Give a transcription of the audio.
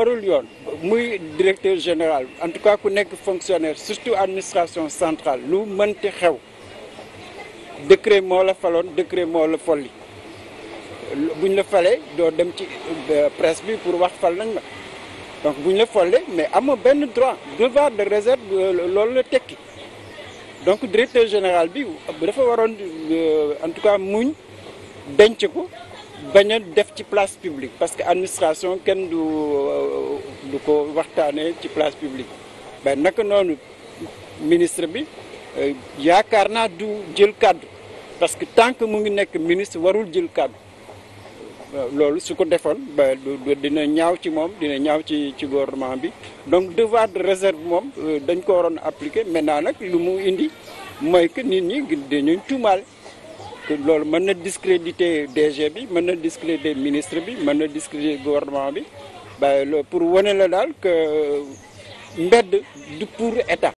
farul yoon muy directeur général en tout cas ku nekk fonctionnaire surtout administration centrale lu mënti xew décret moo la faloon décret moo la folli buñ la falee doo dem ci euh, presse bi pour wax fal nañ ma donc buñ la follee mais amoo benn droit devoir de réserve euh, loolu la tekki donc directeur général bi dafa waroon euh, en tout cas muñ denc ko bañ a def ci place publique parce que administration kenn du du ko waxtaanee ci place publique ba naka noonu ministre bi euh, yaakaar naa du jël kàddu parce que tant que mu ngi nekk ministre warul jël kàddu euh, loolu su ko defoon ba dina ñaaw ci moom dina ñaaw ci ci gouvernement bi donc devoir de réserve moom euh, dañ ko waroon appliquer maintenant nag lu mu indi mooy que nit ñi dañuy tuumaal. te loolu mën na discréditer DG bi mën na discréditer ministre bi mën na discréditer gouvernement bi ba pour wane la daal que mbedd du pour état